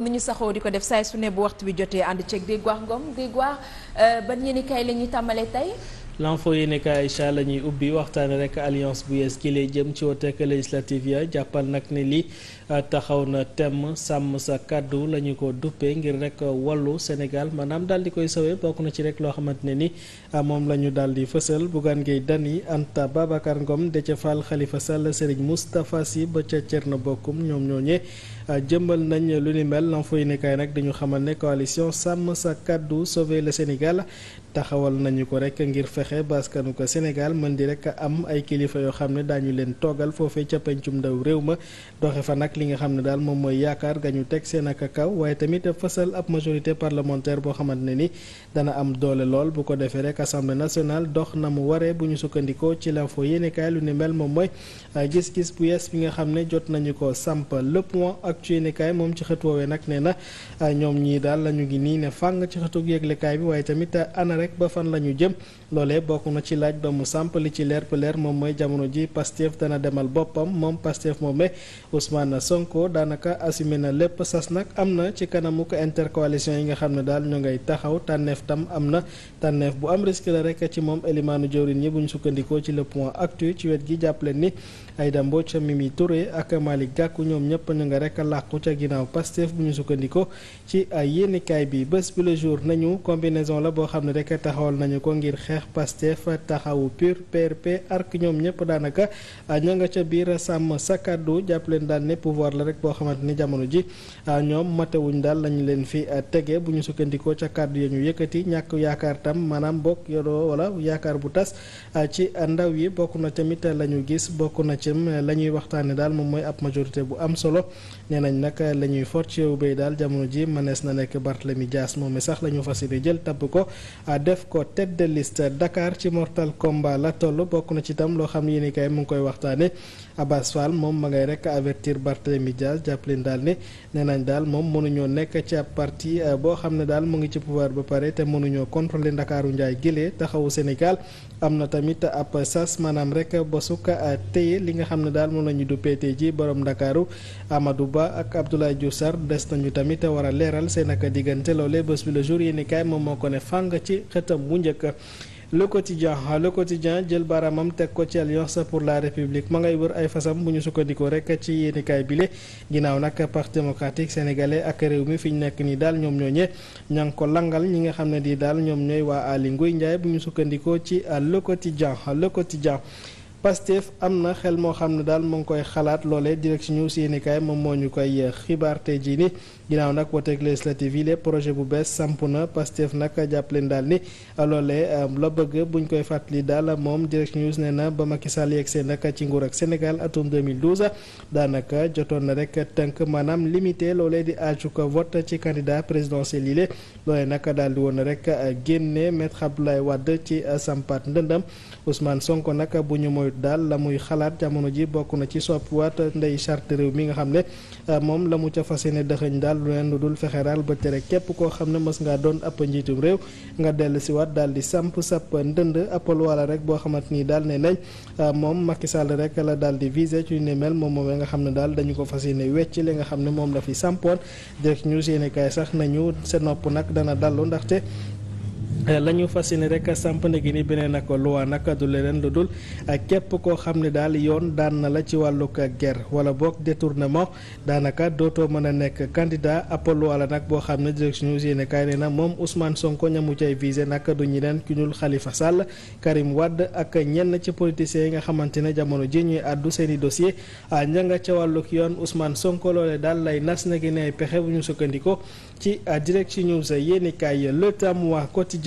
ni ñu saxoo di ko def saay su ne bu waxtu bi jotee ànd ceeg Grégoire Ngom Grégoire euh, ban yéenekaay la ñuy tàmbalee tey. l'info yéenekaay incha la ñuy ubbi waxtaane rek alliance bu yees gi lay jëm ci woteek législative ya jàppal nag ne li euh, taxaw na temm sàmm sa kàddu la ko duppee ngir rek euh, wallu Sénégal maanaam daal di koy sawee bokk na ci rek loo xamante ne ni moom la ñu daal di fësal Bougane Gueye Dany Anta Babacar Ngom Déthié Fall Khalifa Sall Serigne Moustapha Sy ba ca Thierno Bocoum ñoom ñooñee. Euh, jëmbal nañ lu ne mel lan fa yéenekaay nag dañu xamal ne coalition sàmm sa kàddu sauver le Sénégal taxawal nañu ko rek ngir fexe ba askanu ko Sénégal mën di rek am ay kilifa yoo xam ne daañu leen toogal foofee ca pencum ndaw réew ma doxe fa nag li nga xam ne daal moom mooy yaakaar ga ñu teg seen ak kaw waaye tamit fësal ab majorité parlementaire boo xamante ne ni dana am doole lool bu ko defee rek assemblée nationale dox na mu waree bu ñu sukkandikoo ci la fo yéenekaay lu ni mel moom mooy euh, gis-gis bu yees bi nga xam ne jot nañu ko samp le ak ci moom ci xët woowee nag nee na ah, ñoom ñii daal la ñu ngi nii ne fàng ci xëtug yëglekaay bi waaye tamit ah, ana rek ba fan la ñu jëm loolee bokk na ci laaj ba mu samp li ci leer leer moom mooy jamono ji Pastef dana demal boppam moom Pastef moom na Sonko daanaka assumé na lépp sas nag am na ci kanamu ko intercoalition yi nga xam ne daal ñu ngay taxaw tànneef tam am na tànneef bu am risque la rek ci moom élimaanu jëwrin yi bu ñu sukkandikoo ci le point actu ci wet gi jàppaleen ni Aïda Mbodj Mimi Touré ak Malick ñoom ñëpp ñu nga rek làqu ca ginnaaw Pastef bu ñu sukkandikoo ci yéenikaay bi bés bi le jour nañu combinaison la boo xam ne rek taxawal nañu ko ngir xeex Pastef taxawu PUR PRP ARC ñoom ñëpp daanaka ña nga ca biir sàmm sa kàddu jàpp leen daal ne pouvoir la rek boo xamante ni jamono ji ah, ñoom matewuñ daal lañu leen fi ah, tege bu ñu sukkandikoo ca kàddu ya ñu yëkkati ñàkk yaakaar tam maanaam bokk yoroo wala yaakaar bu tas ah, ci ndaw yi bokk na tamit la ñu gis na ci cëm la ñuy waxtaane daal moom mooy ab majorité bu am solo nee nañ nag la ñuy fort ci yow bay daal jamono ji mënees na nekk Barthélemy Dias moom mi sax la ñu fas yéene jël tabb ko a def ko tête de liste ci mortal combat la toll bokk na ci itam loo xam ni kay mu ngi koy waxtaane Abass Fall moom ma ngay rek avertir Barthélemy Diaz jàppaleen daal ne nee nañ daal moom mënuñoo nekk ci parti euh, boo xam ne daal mu ngi ci pouvoir ba pare te mënuñoo contrôler Ndakaaru Njaay gëlee taxawu Sénégal am na tamit ab sas maanaam rek basuka euh, téye li nga xam ne daal mën la ñu duppee ji borom Ndakaaru Amadou Ba ak Abdoulaye Diouf Sarr des nañu tamit war a leeral seen ak diggante loolee bés bi le jour yéen i kaay moom moo ko ne fàng ci xëtam bu njëkk le quotidien ah, le quotidien jël baaraamam teg ko ci sa pour la république ma ngay wër ay fasam bu ñu sukkandikoo rek ci yéenikaay bile ginnaaw nag parti démocratique sénégalais ak réew mi fi ñu nekk nii daal ñoom ñoo ñe ña ngi ko langal ñi nga xam ne di daal ñoom ñooy waa Aly nguy Ndiaye bu ñu sukkandikoo ci ko ah, le quotidien ah, le quotidien Pastef am na xel moo xam ne daal moo ngi koy xalaat loole direct si ñëw si yéenekaay moom moo ñu koy eh, xibaar tey jii ni ginnaaw nag woteeg législative yi les projet bu bees samp na Pastef nag jàpp leen daal ni eh, loolee eh, la bëgg buñ koy fàttali daal moom direct news nee na ba Macky Sall yegg see nag ci nguur ak Sénégal atum 2012 daanaka jotoon na rek tënk maanaam limité loole di aju ko vote ci candidat présidentiel yi loolee nag daal di woon rek génne maître Abdoulaye Wade ci sampat ndëndam Ousmane daal la muy xalaat jamono ji bokk na ci soppiwaat ndey charte réew mi nga xam ne euh, moom la mu ca fas yéene dëxëñ daal lu leen dul fexe daal ba tere képp koo xam ne mës ngaa doon ab njiitum réew nga dellu si waat daal di samp sap ndënd appal wala rek boo xamante ni daal ne nañ euh, moom Macky Sall rek la daal di visé ci ne mel moom moomee nga xam ne daal dañu ko fas yéene wecc li nga xam ne moom la fi sampoon direct news yéene kaay sax nañu sa nopp nag dana dallu ndaxte Eh, la ñu fas yéene rek samp na gi ni beneen ak luwa nag du leneen lu dul eh, képp koo xam ne daal yoon daan na la ci wàllug ger wala boog détournement daanaka dootoo mën a nekk candidat ab luwa la nag boo xam ne direction news yéene kaay na moom Ousmane Sonko ñamu cay visé nag du ñu leen ku ñul Khalifa Sall Karim Wade ak ñenn ci politiciens yi nga xamante ne jamono ji ñuy àddu seen i dossier ah, ña nga ca wàllug yoon usmaan Sonko loole daal lay nas na gi ne ay ñu sukkandikoo ci ah, direction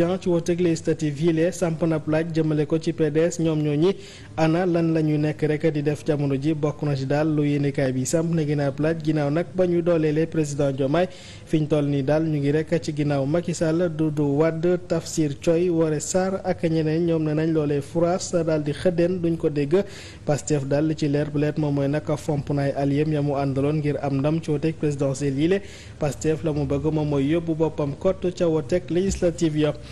Quotidien ci wooteeg législative yi lee samp na laaj jëmale ko ci PDS ñoom ñoo ñi ana lan la ñu nekk rek di def jamono ji bokk na ci daal lu yéenekaay bi samp na ginnaaw laaj ginnaaw nag ba ñu dooleelee président Diomaye fi ñu toll nii daal ñu ngi rek ci ginnaaw Macky Sall Doudou Wade Tafsir Thioye Woré Sarr ak ñeneen ñoom ne nañ loolee furaas daal di xëddeen duñ ko dégg Pastef daal li ci leer bu leet moom mooy nag fomp naay aliyem ya mu àndaloon ngir am ndam ci woteeg présidentielle yi le la mu bëgg moom mooy yóbbu boppam kott ca woteeg législative ya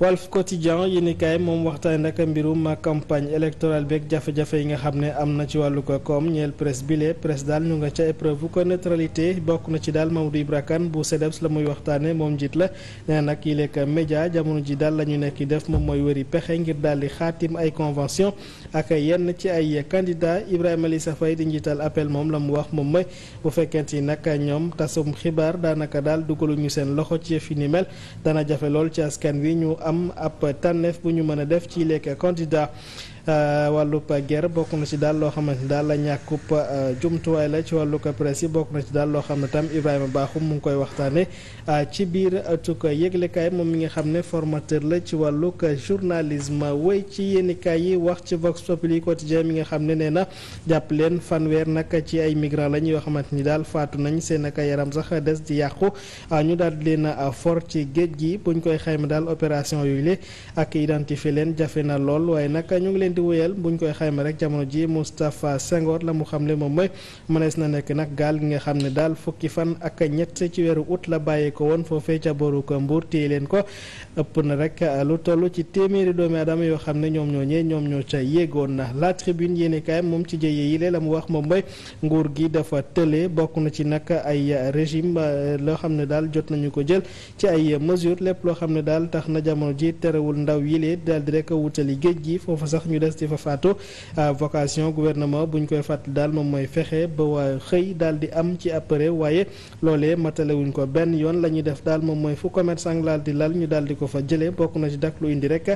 Walf Quotidien yéenekaay moom waxtaan nag mbirum campagne électorale beeg jafe-jafe yi nga xam ne am na ci wàllu ko koom ñeel presse bi lee daal ñu nga ca épreuve ko neutralité bokk na ci daal Mamadou Ibra Kane bu CDEPS la muy waxtaane moom njiit la nee nag yi lekk média jamono ji daal la ñu nekk def moom mooy wëri pexe ngir daal di xaatim ay convention ak yenn ci ay candidat Ibrahima Lissa Faye di njiital appel moom la mu wax moom mooy bu fekkente ni nag ñoom tasum xibaar daanaka daal dugaluñu seen loxo ci fi ni mel am ab tànneef bu ñu mën a def ci lekk candidat Euh, wàllub guerre bokk na ci daal loo xamante ni daal la ñàkkub euh, jumtuwaay la ci wàllug presse yi bokk na ci daal loo xam ne tam Ibrahima Bakhoum mu ngi koy waxtaane euh, ci biir tukk yëglekaay moom mi nga xam ne formateur la ci wàllug journalisme wéy ci yéenikaay yi wax ci Vox Populi quotidien mi nga xam ne nee na jàpp leen fanweer nag ci ay migrants lañ yoo xamante ni daal faatu nañ seen ak yaram sax des di yàqu ñu daal di leen for ci géej gi buñ koy xayma daal opération yooyu le di wéyal buñ koy xayma rek jamono ji Moustapha Senghor la mu xamle moom mooy mënees na nekk nag gaal gi nga xam ne daal fukki fan ak ñett ci weeru août la bàyyee ko woon foofee ca boru ko Mbour téye leen ko ëpp na rek uh, lu toll ci yoo xam ne ñoom ñoo ñee ñoom ñoo ca yéegoon na la tribune moom ci jëye yi lee la mu wax moom mooy gi dafa tële bokk na ci nag ay régime uh, loo xam ne daal jot nañu ko jël ci ay mesures lépp loo xam ne daal tax na jamono ji terewul ndaw yi lee daal di rek wutali géej gi foofu sax ñu des di fa faatu vocation gouvernement bu ñu koy fàttali daal moom mooy fexe ba waa xëy daal di am ci après waaye loole matalewuñ ko benn yoon la ñuy def daal moom mooy fu commerçant laal di lal ñu daal di ko fa jëlee bokk na ci dak lu indi rek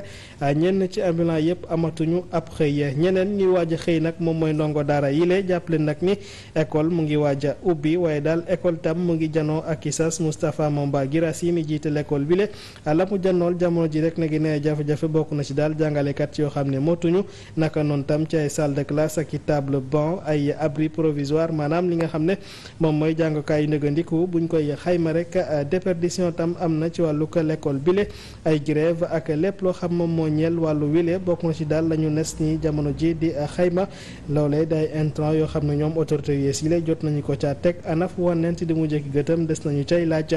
ñenn ci ambulant yëpp amatuñu ab xëy ñeneen ñuy waaj xëy nag moom mooy ndongo daara yi jàppale nag ni école mu ngi waaj a ubbi waaye daal école tam mu ngi janoo ak ISAS Moustapha Momba Guirassy mi jiite l'école bi le la mu janool jamono ji rek na gi nee jafe-jafe bokk na ci daal jàngalekat yoo xam ne motuñ nañu naka noonu tam ci ay salle de classe ak i table banc ay abri provisoire maanaam li nga xam ne moom mooy jàngukaayu nëgandiku buñ koy xayma rek euh, déperdition tam am na ci wàllu lekkool bile ay grève ak lépp loo xam moom moo ñeel wàllu wile bokk na ci daal lañu nes ni jamono ji di euh, xayma loolee day intrant yoo xam ne ñoom autorité yees yi jot nañu ko caa teg anaf wanneen ci di mu jëkki gëtam des nañu cay laaj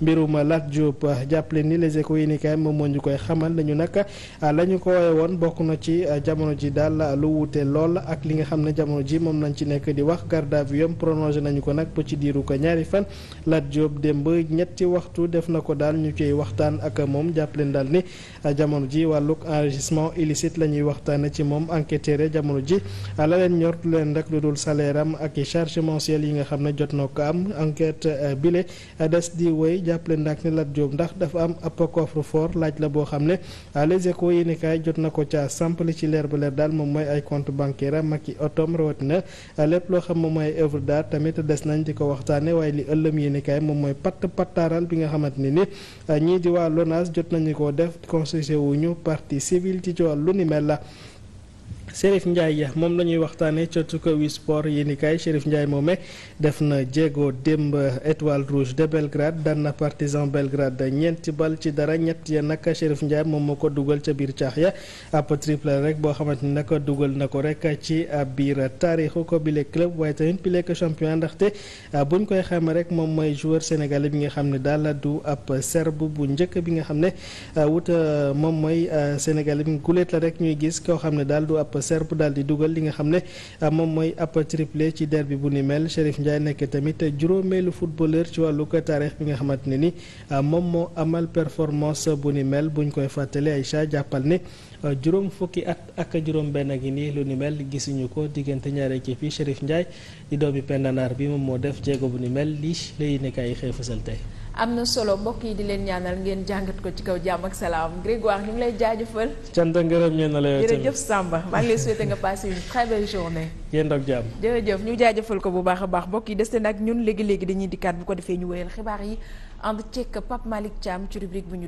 mbiruma Lat Diop jàppale ni les échos euh, la ñu ko wooye woon jamono ji daal lu wuute lool ak li nga xam ne jamono ji moom lañ ci nekk di wax garde à vue nañu ko nag ba ci diiru ko ñaari fan Lat Diop démb ñetti waxtu def na ko daal ñu ciy waxtaan ak moom jàppaleen daal ni jamono ji wàllug enregistrement illicite la ñuy waxtaane ci moom enquêteur jamono ji la leen ñor leen rek lu dul salaire am ak i charge yi nga xam ne jot na ko am enquête euh, bile euh, des di woy jàppaleen nag ni Lat Diop ndax dafa am ab laaj la boo xam ne leer bu leer daal moom mooy ay compte bancaire am ak i otoom rawatina lépp loo xam moom mooy œuvre d'art tamit des nañ di ko waxtaane waaye li ëllëm yéen kaay moom mooy patt pattaaral bi nga xamante ne ni ñii di waa LONASE jot nañu ko def constitué wuñu partie civile ci coowal lu ni mel la Chérif Ndiaye moom la ñuy waxtaanee ca Tukawi sport yéen i kaay Chérif moome def na jéego démb étoile rouge de Belgrade daan na Partizan Belgrade ñeenti bal ci dara ñett ya nag Chérif Ndiaye moom moo ko dugal ca biir caax ya ab triple rek boo xamante ni nag dugal na ko rek ci biir taarixu ko bile club waaye tamit bile ko champion ndaxte buñ koy xamee rek moom mooy joueur sénégalais bi nga xam ne daal du ab serbe bu njëkk bi nga xam ne wut moom mooy sénégalais bi guléet gis koo xam ne daal du serp daal di dugal li nga xam ne ah, moom mooy ab triplé ci derbi bu ni mel Chérif Ndiaye nekk tamit juróomeelu footballeur ci wàllu taarix bi nga xamante ne ni ah, moom moo amal performance bu ni mel buñ koy fàttali Aïcha jàppal ne ah, juróom fukki ak ak juróom benn gi nii lu ni mel gisuñu ko diggante ñaari équipe yi Chérif Ndiaye di doomi pendanaar bi moom moo def jéego bu ni mel lii lay nekk ay xëy fësal tey am na solo mbokk yi di leen ñaanal ngeen jàngat ko ci kaw jàmm ak salaam Grégoire ñu ngi lay jaajëfal. cant ak ngërëm ñeen Samba maa ngi lay souhaiter nga passer une très belle journée. ñu jaajëfal ko bu baax a baax mbokk yi des na nag ñun léegi léegi dañuy dikkaat bu ko defee ñu wéyal xibaar yi ànd ceeg Pape Malick Thiam ci rubrique bu ñu.